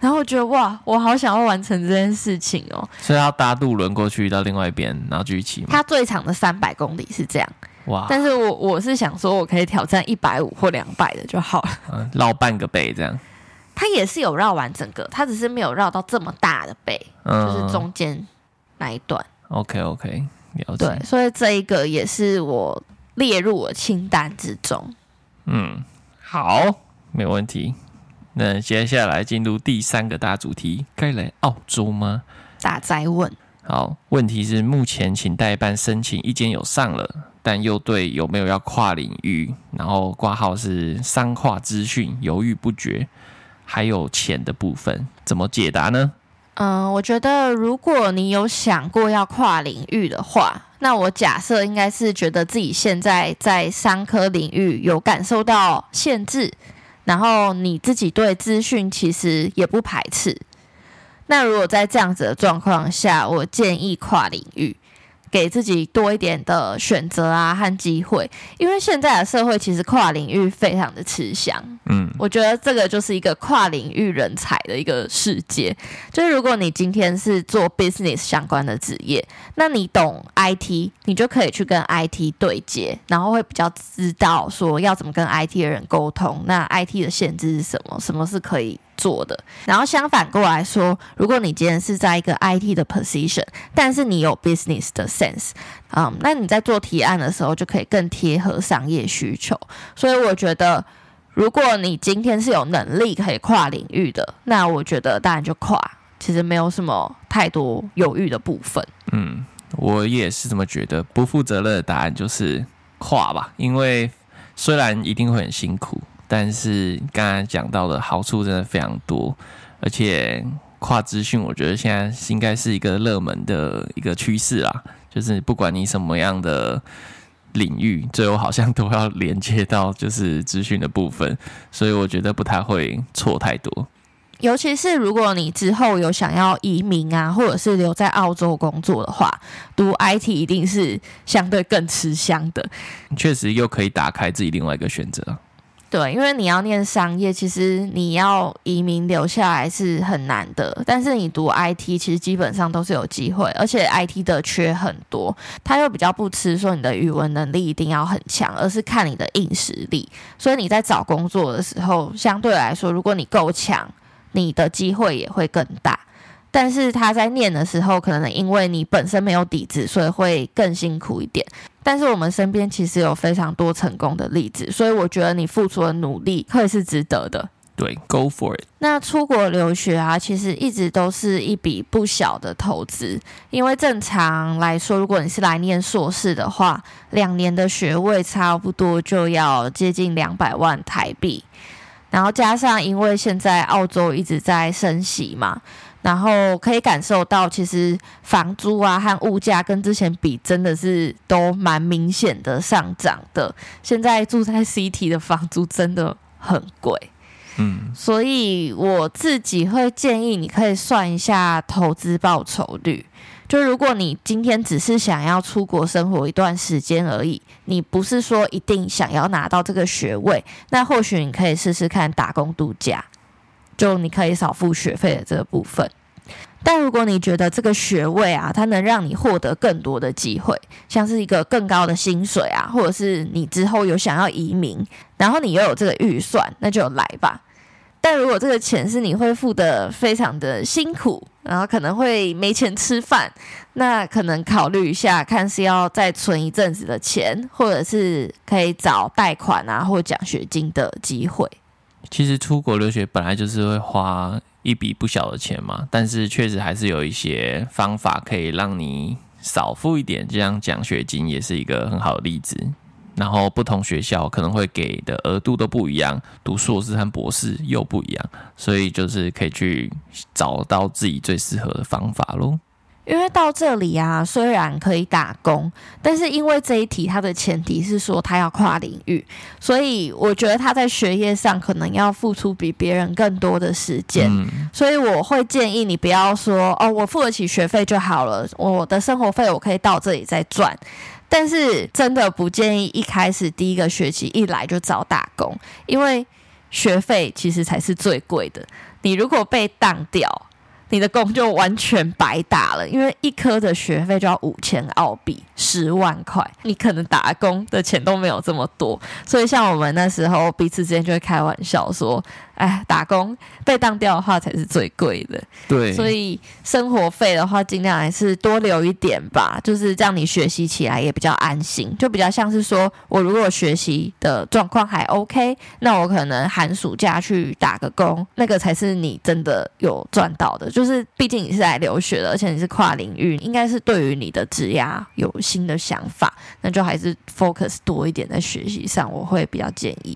[SPEAKER 1] 然後我覺得哇，我好想要完成這件事情哦！
[SPEAKER 2] 所以要搭渡輪過去到另外一邊，然後就騎。
[SPEAKER 1] 它最長的三百公里是這樣，哇！但是我我是想說，我可以挑戰一百五或兩百的就好了，
[SPEAKER 2] 啊、繞半個 Bay 這樣。
[SPEAKER 1] 它也是有繞完整個，它只是沒有繞到這麼大的背，嗯、就是中間那一段。
[SPEAKER 2] OK OK，了解。對，
[SPEAKER 1] 所以這一個也是我列入我清單
[SPEAKER 2] 之中。嗯，好，沒問題。那接下來進入第三個大主題，該來澳洲嗎？大哉問。好，問題是目前請代辦申請一間有上了，但又對有沒有要跨領域，然後掛號是商跨資訊，猶豫不決。還有錢的部分怎麼解答呢？嗯，
[SPEAKER 1] 我覺得如果你有想過要跨領域的話，那我假設應該是覺得自己現在在商科領域有感受到限制，然後你自己對資訊其實也不排斥。那如果在這樣子的狀況下，我建議跨領域。給自己多一點的選擇啊和機會，因為現在的社會其實跨領域非常的吃香。嗯，我覺得這個就是一個跨領域人才的一個世界。就是如果你今天是做 business 相關的職業，那你懂 IT，你就可以去跟 IT 對接，然後會比較知道說要怎麼跟 IT 的人溝通，那 IT 的限制是什麼，什麼是可以。做的，然後相反過來說，如果你今天是在一個 IT 的 position，但是你有 business 的 sense，嗯，那你在做提案的時候就可以更貼合商業需求。所以我覺得，如果你今天是有能力可以跨領域的，那我覺得當然就跨，其實沒有什麼太多猶豫的部分。
[SPEAKER 2] 嗯，我也是這麼覺得，不負責任的答案就是跨吧，因為雖然一定會很辛苦。但是，剛才講到的好處真的非常多，而且跨資訊，我覺得現在應該是一個熱門的一個趨勢啦。就是不管你什麼樣的領域，最後好像都要連接到就是資訊的部分，所以我覺得不太會錯太多。
[SPEAKER 1] 尤其是如果你之後有想要移民啊，或者是留在澳洲工作的話，讀 IT 一定是相對更吃香的。
[SPEAKER 2] 確實，又可以打開自己另外一個選擇。
[SPEAKER 1] 對，因為你要念商業，其實你要移民留下來是很難的。但是你讀 IT，其實基本上都是有機會，而且 IT 的缺很多，他又比較不吃說你的語文能力一定要很強，而是看你的硬實力。所以你在找工作的時候，相對來說，如果你夠強，你的機會也會更大。但是他在念的時候，可能因為你本身沒有底子，所以會更辛苦一點。但是我們身邊其實有非常多成功的例子，所以我覺得你付出的努力會是值得的。對，Go for it。那出國留學啊，其實一直都是一筆不小的投資，因為正常來說，如果你是來念碩士的話，兩年的學位差不多就要接近兩百萬台幣，然後加上因為現在澳洲一直在升息嘛。然後可以感受到，其實房租啊和物價跟之前比，真的是都蠻明顯的上漲的。現在住在 city 的房租真的很貴，所以我自己會建議，你可以算一下投資報酬率。就如果你今天只是想要出國生活一段時間而已，你不是說一定想要拿到這個學位，那或許你可以試試看打工度假。就你可以少付學費的這個部分，但如果你覺得這個學位啊，它能讓你獲得更多的機會，像是一個更高的薪水啊，或者是你之後有想要移民，然後你又有這個預算，那就來吧。但如果這個錢是你會付得非常的辛苦，然後可能會沒錢吃飯，那可能考慮一下，看是要再存一陣子的錢，或者是可以找貸款啊或獎學金的機會。
[SPEAKER 2] 其實出國留學本來就是會花一筆不小的錢嘛，但是確實還是有一些方法可以讓你少付一點，這樣獎學金也是一個很好的例子。然後不同學校可能會給的額度都不一樣，讀碩士和博士又不一樣，所以就是可以去找到自己最適合的方法咯。
[SPEAKER 1] 因為到這裡啊，雖然可以打工，但是因為這一題它的前提是說他要跨領域，所以我覺得他在學業上可能要付出比別人更多的時間。所以我會建議你不要說哦，我付得起學費就好了，我的生活費我可以到這裡再賺。但是真的不建議一開始第一個學期一來就找打工，因為學費其實才是最貴的。你如果被當掉，你的工就完全白打了，因為一科的學費就要五千澳幣，十萬塊，你可能打工的錢都沒有這麼多，所以像我們那時候彼此之間就會開玩笑說。哎，打工被當掉的話才是最貴的。對，所以生活費的話，儘量還是多留一點吧。就是讓你學習起來也比較安心，就比較像是說，我如果學習的狀況還 OK，那我可能寒暑假去打個工，那個才是你真的有賺到的。就是畢竟你是來留學的，而且你是跨領域，應該是對於你的職涯有新的想法，那就還是 focus 多一點在學習上，我會比較建議。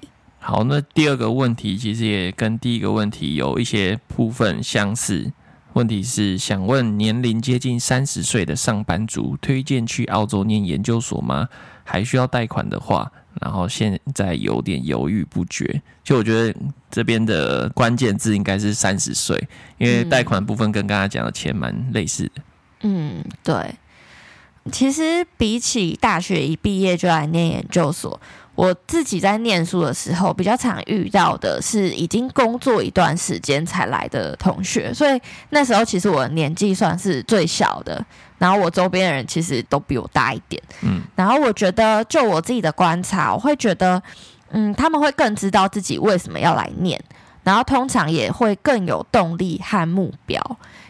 [SPEAKER 2] 好，那第二個問題其實也跟第一個問題有一些部分相似。問題是想問，年齡接近三十歲的上班族，推薦去澳洲念研究所嗎？還需要貸款的話，然後現在有點猶豫不決。就我覺得這邊的關鍵字應該是三十歲，因為貸款部分跟剛剛講的錢蠻類似的。
[SPEAKER 1] 嗯，嗯，對。其實比起大學一畢業就來念研究所。我自己在念書的時候，比較常遇到的是已經工作一段時間才來的同學，所以那時候其實我的年紀算是最小的，然後我周邊的人其實都比我大一點。嗯，然後我覺得，就我自己的觀察，我會覺得，嗯，他們會更知道自己為什麼要來念，然後通常也會更有動力和目標，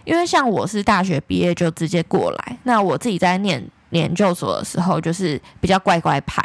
[SPEAKER 1] 因為像我是大學畢業就直接過來，那我自己在念。研究所的時候，就是比較乖乖牌。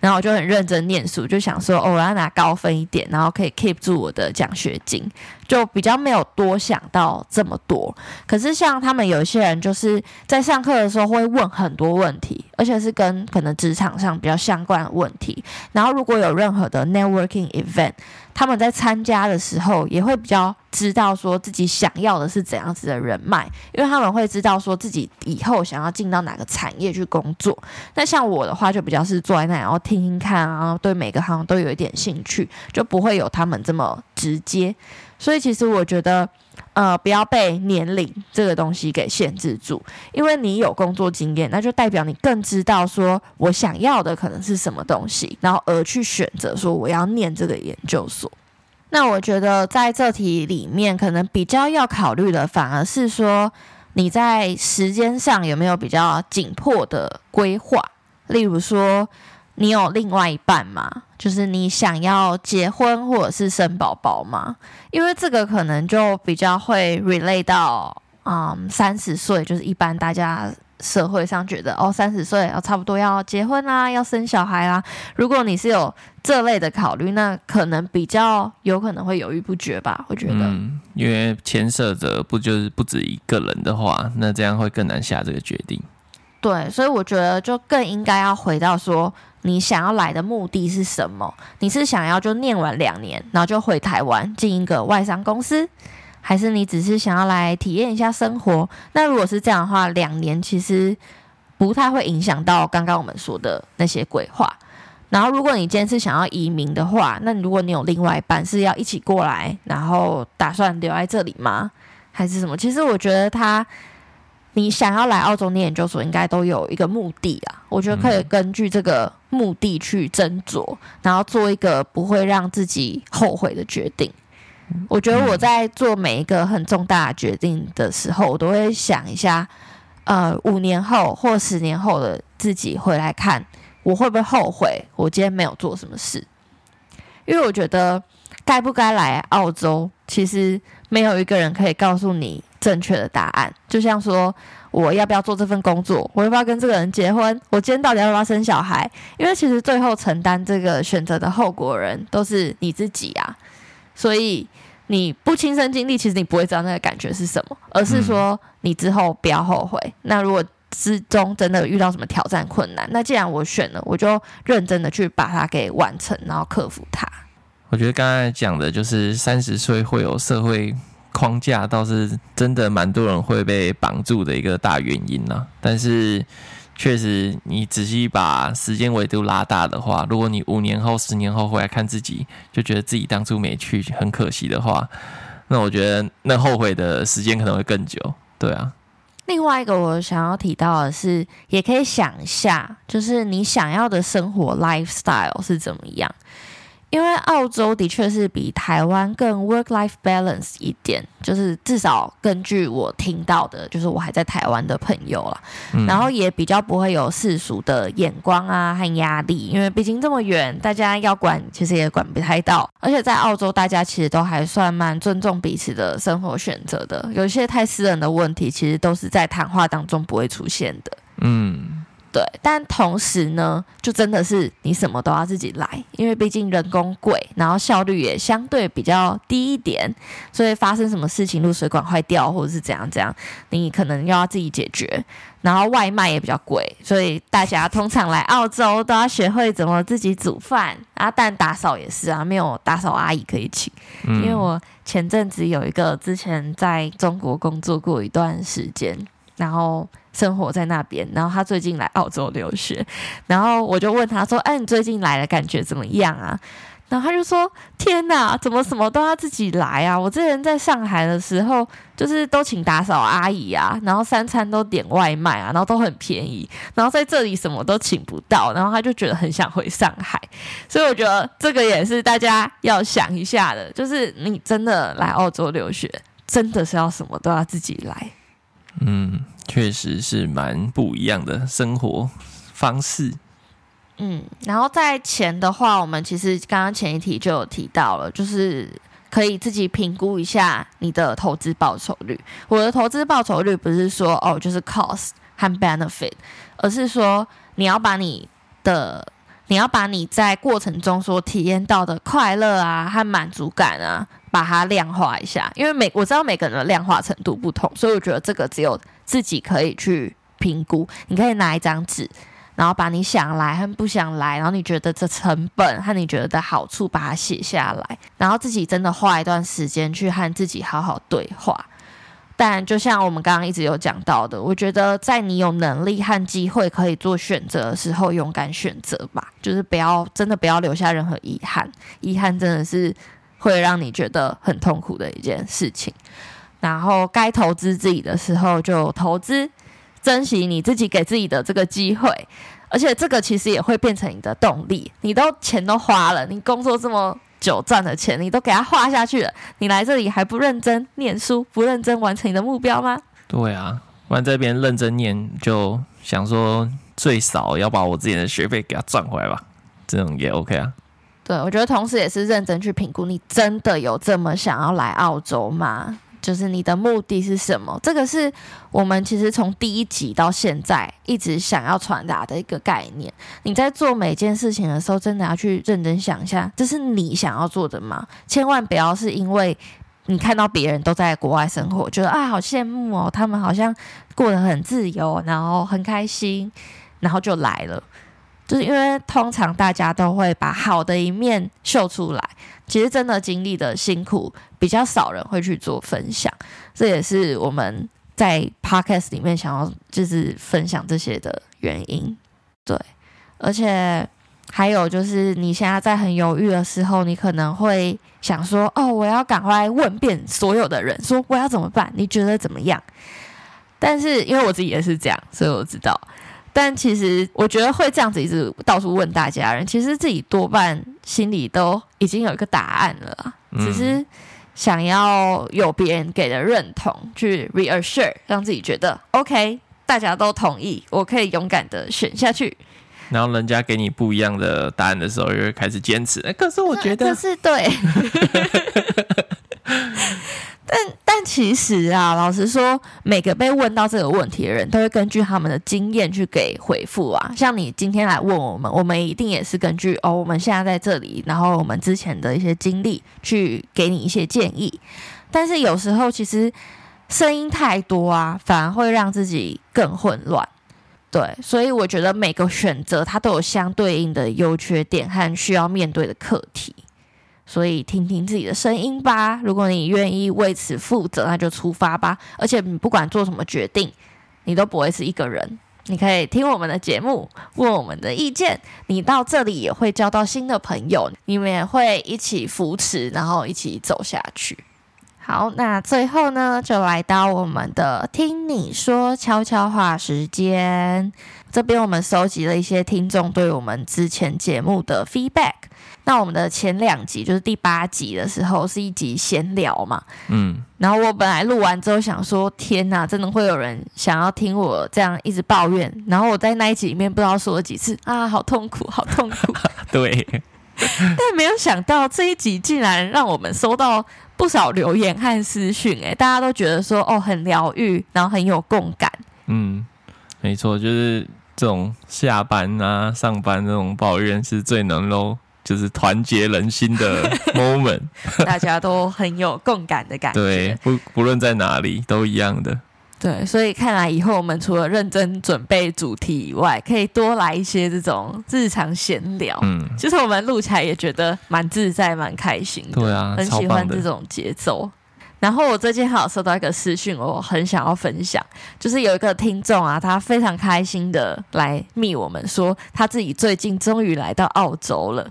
[SPEAKER 1] 然後我就很認真念書，就想說哦，我要拿高分一點，然後可以 keep 住我的獎學金，就比較沒有多想到這麼多。可是像他們有些人，就是在上課的時候會問很多問題，而且是跟可能職場上比較相關的問題。然後如果有任何的 networking event。他們在參加的時候也會比較知道說自己想要的是怎樣子的人脈，因為他們會知道說自己以後想要進到哪個產業去工作。那像我的話就比較是坐在那然後聽聽看啊，對每個行都有一點興趣，就不會有他們這麼直接。所以其實我覺得。呃，不要被年齡這個東西給限制住，因為你有工作經驗，那就代表你更知道說我想要的可能是什麼東西，然後而去選擇說我要念這個研究所。那我覺得在這題裡面，可能比較要考慮的，反而是說你在時間上有沒有比較緊迫的規劃，例如說，你有另外一半嗎？就是你想要結婚或者是生寶寶嗎因為這個可能就比較會 relate 到，嗯，三十歲就是一般大家社會上覺得，哦，三十歲要，哦，差不多要結婚啦，啊，要生小孩啦，啊。如果你是有這類的考慮，那可能比較有可能會猶豫不決吧，我覺得，
[SPEAKER 2] 嗯，因為牽涉者不就是不止一個人的話，那這樣會更難下這個決定。
[SPEAKER 1] 對，所以我覺得就更應該要回到說，你想要來的目的是什麼？你是想要就念完兩年，然後就回台灣進一個外商公司，還是你只是想要來體驗一下生活？那如果是這樣的話，兩年其實不太會影響到剛剛我們說的那些規劃。然後，如果你今天是想要移民的話，那你如果你有另外一半是要一起過來，然後打算留在這裡嗎？還是什麼？其實我覺得他，你想要來澳洲念研究所，應該都有一個目的啊。我覺得可以根據這個目的去斟酌，然後做一個不會讓自己後悔的決定。我覺得我在做每一個很重大的決定的時候，我都會想一下，呃，五年後或十年後的自己回來看，我會不會後悔我今天沒有做什麼事？因為我覺得該不該來澳洲，其實沒有一個人可以告訴你正確的答案。就像說，我要不要做這份工作？我要不要跟這個人結婚？我今天到底要不要生小孩？因為其實最後承擔這個選擇的後果的人都是你自己啊，所以你不親身經歷，其實你不會知道那個感覺是什麼。而是說，你之後不要後悔。嗯、那如果之中真的遇到什麼挑戰、困難，那既然我選了，我就認真的去把它給完成，然後克服它。
[SPEAKER 2] 我覺得剛才講的就是三十歲會有社會。框架倒是真的蠻多人會被綁住的一個大原因啊，但是確實你仔細把時間維度拉大的話，如果你五年後、十年後回來看自己，就覺得自己當初沒去很可惜的話，那我覺得那後悔的時間可能會更久。對啊，
[SPEAKER 1] 另外一個我想要提到的是，也可以想一下，就是你想要的生活 lifestyle 是怎麼樣。因為澳洲的確是比台灣更 work life balance 一點，就是至少根據我聽到的，就是我還在台灣的朋友了，嗯、然後也比較不會有世俗的眼光啊和壓力，因為畢竟這麼遠，大家要管其實也管不太到，而且在澳洲大家其實都還算蠻尊重彼此的生活選擇的，有一些太私人的問題其實都是在談話當中不會出現的，
[SPEAKER 2] 嗯。
[SPEAKER 1] 對，但同時呢，就真的是你什麼都要自己來，因為畢竟人工貴，然後效率也相對比較低一點，所以發生什麼事情，如水管壞掉或者是怎樣怎樣，你可能又要自己解決。然後外賣也比較貴，所以大家通常來澳洲都要學會怎麼自己煮飯啊，但打掃也是啊，沒有打掃阿姨可以請，因為我前陣子有一個之前在中國工作過一段時間。然後生活在那邊，然後他最近來澳洲留學，然後我就問他說：“哎，你最近來的感覺怎麼樣啊？”然後他就說：“天哪，怎麼什麼都要自己來啊？我之前在上海的時候，就是都請打掃阿姨啊，然後三餐都點外賣啊，然後都很便宜。然後在這裡什麼都請不到，然後他就覺得很想回上海。所以我覺得這個也是大家要想一下的，就是你真的來澳洲留學，真的是要什麼都要自己來。”
[SPEAKER 2] 嗯，確實是蠻不一樣的生活方式。
[SPEAKER 1] 嗯，然後在錢的話，我們其實剛剛前一題就有提到了，就是可以自己評估一下你的投資報酬率。我的投資報酬率不是說哦，就是 cost 和 benefit，而是說你要把你的。你要把你在過程中所體驗到的快樂啊和滿足感啊，把它量化一下。因為每我知道每個人的量化程度不同，所以我覺得這個只有自己可以去評估。你可以拿一張紙，然後把你想來和不想來，然後你覺得的成本和你覺得的好處，把它寫下來，然後自己真的花一段時間去和自己好好對話。但就像我們剛剛一直有講到的，我覺得在你有能力和機會可以做選擇的時候，勇敢選擇吧，就是不要真的不要留下任何遺憾。遺憾真的是會讓你覺得很痛苦的一件事情。然後該投資自己的時候就投資，珍惜你自己給自己的這個機會，而且這個其實也會變成你的動力。你都錢都花了，你工作這麼。酒賺的錢你都給他花下去了，你來這裡還不認真念書，不認真完成你的目標嗎？
[SPEAKER 2] 對啊，不然在這邊認真念，就想說最少要把我自己的學費給他賺回來吧，這種也 OK 啊。
[SPEAKER 1] 對，我覺得同時也是認真去評估，你真的有這麼想要來澳洲嗎？就是你的目的是什麼？這個是我們其實從第一集到現在一直想要傳達的一個概念。你在做每件事情的時候，真的要去認真想一下，這是你想要做的嗎？千萬不要是因為你看到別人都在國外生活，覺得啊好羨慕哦，他們好像過得很自由，然後很開心，然後就來了。就是因為通常大家都會把好的一面秀出來，其實真的經歷的辛苦比較少人會去做分享，這也是我們在 podcast 裡面想要就是分享這些的原因。對，而且還有就是你現在在很猶豫的時候，你可能會想說：“哦，我要趕快問遍所有的人，說我要怎麼辦？你覺得怎麼樣？”但是因為我自己也是這樣，所以我知道。但其實，我覺得會這樣子一直到處問大家，人其實自己多半心裡都已經有一個答案了，只是想要有別人給的認同去 reassure，讓自己覺得 OK，大家都同意，我可以勇敢的選下去。
[SPEAKER 2] 然後人家給你不一樣的答案的時候，又開始堅持。可是我
[SPEAKER 1] 覺得，這是對。 但但其實啊，老實說，每個被問到這個問題的人都會根據他們的經驗去給回復啊。像你今天來問我們，我們一定也是根據哦，我們現在在這裡，然後我們之前的一些經歷去給你一些建議。但是有時候其實聲音太多啊，反而會讓自己更混亂。對，所以我覺得每個選擇它都有相對應的優缺點和需要面對的課題。所以，聽聽自己的聲音吧。如果你願意為此負責，那就出發吧。而且，你不管做什麼決定，你都不會是一個人。你可以聽我們的節目，問我們的意見。你到這裡也會交到新的朋友，你們也會一起扶持，然後一起走下去。好，那最後呢，就來到我們的“聽你說悄悄話”時間。這邊我們收集了一些聽眾對我們之前節目的 feedback。那我們的前兩集就是第八集的時候是一集閒聊嘛，嗯，然後我本來錄完之後想說天吶，真的會有人想要聽我這樣一直抱怨，然後我在那一集裡面不知道說了幾次啊，好痛苦，好痛苦。
[SPEAKER 2] 對，
[SPEAKER 1] 但沒有想到這一集竟然讓我們收到不少留言和私訊、欸，哎，大家都覺得說哦，很療癒，然後很有共感。嗯，
[SPEAKER 2] 沒錯，就是這種下班啊、上班這種抱怨是最能咯。就是團結人心的 moment，
[SPEAKER 1] 大家都很有共感的感覺。
[SPEAKER 2] 對，不不論在哪裡都一樣的。
[SPEAKER 1] 對，所以看來以後我們除了認真準備主題以外，可以多來一些這種日常閒聊。嗯，就是我們錄起來也覺得蠻自在、蠻開心的，對啊，很喜歡這種節奏。然後我最近還有收到一個私訊，我很想要分享，就是有一個聽眾啊，他非常開心的來密我們說，他自己最近終於來到澳洲了。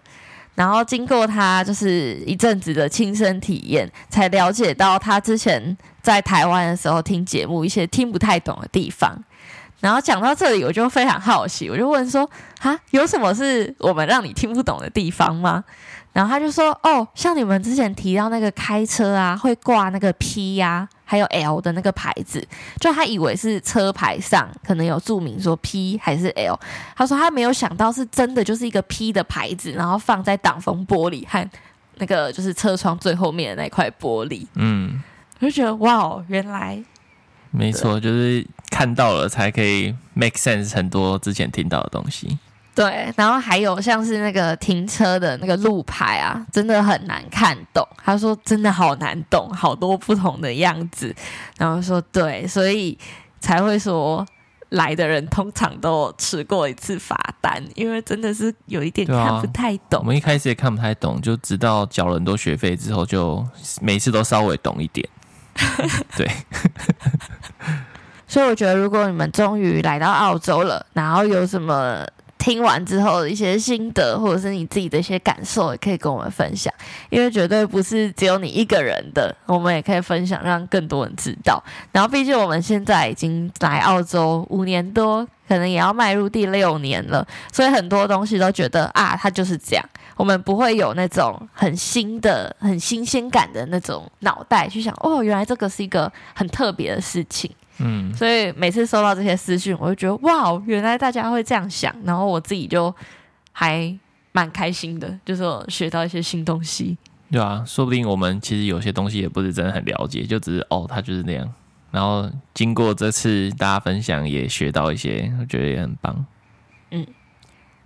[SPEAKER 1] 然後經過他就是一陣子的親身體驗，才了解到他之前在台灣的時候聽節目一些聽不太懂的地方。然後講到這裡，我就非常好奇，我就問說：“蛤，有什麼是我們讓你聽不懂的地方嗎？”然後他就說：“哦，像你們之前提到那個開車啊，會掛那個 P 呀、啊，還有 L 的那個牌子，就他以為是車牌上可能有注明說 P 還是 L。他說他沒有想到是真的就是一個 P 的牌子，然後放在擋風玻璃和那個就是車窗最後面的那塊玻璃。
[SPEAKER 2] 嗯，
[SPEAKER 1] 我就覺得哇哦，原來
[SPEAKER 2] 沒錯，對就是看到了才可以 make sense 很多之前聽到的東西。”
[SPEAKER 1] 對，然後還有像是那個停車的那個路牌啊，真的很難看懂。他說真的好難懂，好多不同的樣子。然後說對，所以才會說來的人通常都吃過一次罰單，因為真的是有一點看不太
[SPEAKER 2] 懂。啊、我們一開始也看不太懂，就直到繳了很多學費之後，就每次都稍微懂一點。 對，
[SPEAKER 1] 所以我覺得如果你們終於來到澳洲了，然後有什麼。聽完之後的一些心得，或者是你自己的一些感受，也可以跟我們分享，因為絕對不是只有你一個人的，我們也可以分享，讓更多人知道。然後，畢竟我們現在已經來澳洲五年多，可能也要邁入第六年了，所以很多東西都覺得啊，它就是這樣，我們不會有那種很新的、很新鮮感的那種腦袋去想，哦，原來這個是一個很特別的事情。嗯，所以每次收到這些私訊，我就覺得哇，原來大家會這樣想，然後我自己就還蠻開心的，就是學到一些新東西。
[SPEAKER 2] 對啊，說不定我們其實有些東西也不是真的很了解，就只是哦，他就是那樣。然後經過這次大家分享，也學到一些，我覺得也很棒。
[SPEAKER 1] 嗯，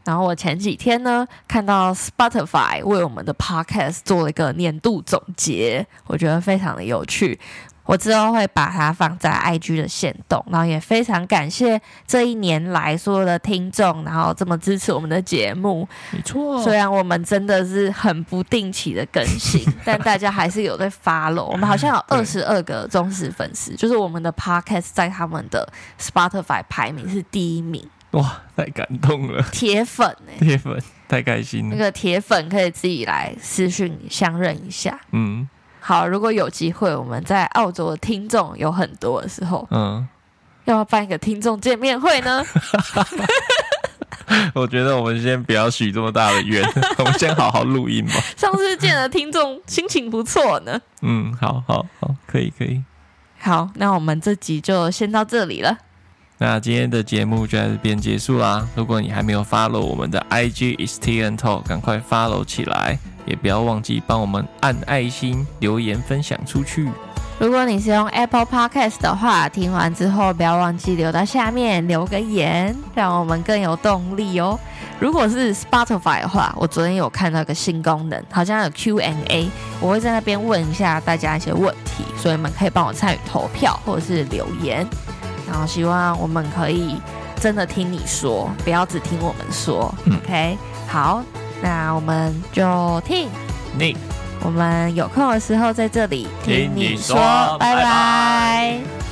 [SPEAKER 1] 然後我前幾天呢，看到 Spotify 為我們的 Podcast 做了一個年度總結，我覺得非常的有趣。我之後會把它放在 IG 的限動，然後也非常感謝這一年來所有的聽眾，然後這麼支持我們的節目。沒錯錯，雖然我們真的是很不定期的更新， 但大家還是有在 follow。我們好像有二十二個忠實粉絲，對就是我們的 Podcast 在他們的 Spotify 排名是第一名。
[SPEAKER 2] 哇，太感動了！鐵粉、欸，鐵粉，太開心了！
[SPEAKER 1] 那個鐵粉可以自己來私訊相認一下。嗯。好，如果有機會，我們在澳洲的聽眾有很多的時候，
[SPEAKER 2] 嗯，
[SPEAKER 1] 要不要辦一個聽眾見面會呢？
[SPEAKER 2] 我覺得我們先不要許這麼大的願， 我們先好好錄音吧。
[SPEAKER 1] 上次見的聽眾 心情不錯呢。嗯，
[SPEAKER 2] 好好好，可以可以。
[SPEAKER 1] 好，那我們這集就先到這裡了。
[SPEAKER 2] 那今天的節目就在這邊結束啦。如果你還沒有 follow 我們的 IG itstntalk，趕 快 follow 起來。也不要忘記幫我們按愛心、留言、分享出去。
[SPEAKER 1] 如果你是用 Apple Podcast 的話，聽完之後不要忘記留到下面留個言，讓我們更有動力哦。如果是 Spotify 的話，我昨天有看到一個新功能，好像有 Q&A，我會在那邊問一下大家一些問題，所以你們可以幫我參與投票或者是留言。然後希望我們可以真的聽你說，不要只聽我們說。嗯、OK，好。那我們就聽你，我們有空的時候在這裡聽你說，拜拜。